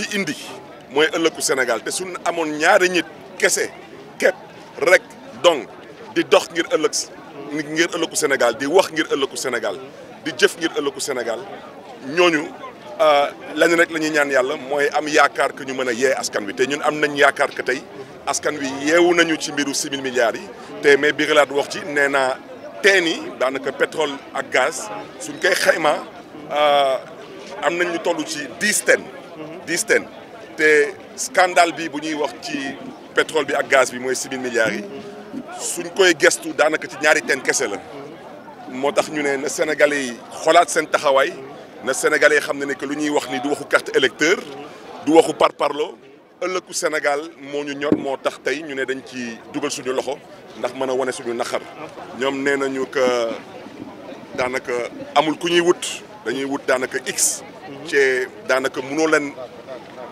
fi indi mooy ëllëgu Sénégal te suñ amoon ñaari nit kese képp rek donc di dox ngir ëllëg ngir ëllëgu Sénégal di wax ngir ëllëgu Sénégal di jëf ngir ëllëgu Sénégal ñooñu euh, lañu rek la ñuy ñaan yàlla mooy am yaakaar que ñu mën yee askan wi te ñun am nañ yaakaar que tey askan wi yeewu nañu ci mbiru 6000 milliards yi te mais bi xalaat wax ci nee naa teen yi daanaka pétrole ak gaz suñ koy xayma euh, am nañ ñu toll ci 10 teen dix teen te scandale bi bu ñuy wax ci pétrole bi ak gaz bi moy six milliards yi suñ koy gestu danaka ci ñaari ten kese la moo ñu ne na Sénégalais yi xoolaat seen taxawaay na Sénégalais xamné xam que lu ñuy wax ni du waxu carte électeur du waxu par parlo ëllëgu Sénégal mo ñu ñor motax tay tey ñu ne dañ ci dugal suñu loxo ndax mëna woné suñu naxar ñom nee nañu que danaka amul ku ñuy wut dañuy wut danaka x. ci danaka mëno leen.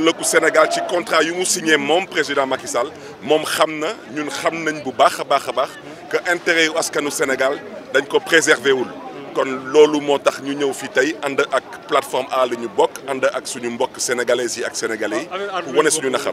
Le Sénégal ci contrat yu mu signé mom président Macky Sall mom xamna ñun xam nañ bu baax a baax que intérêt yu askanu Sénégal dañ ko préserver wul. kon lolu motax ñu ñëw fi tay and ak plateforme A la ñu bokk ànd ak suñu mbokk sénégalais yi ak sénégalais yi. Ah, wane suñu naxar.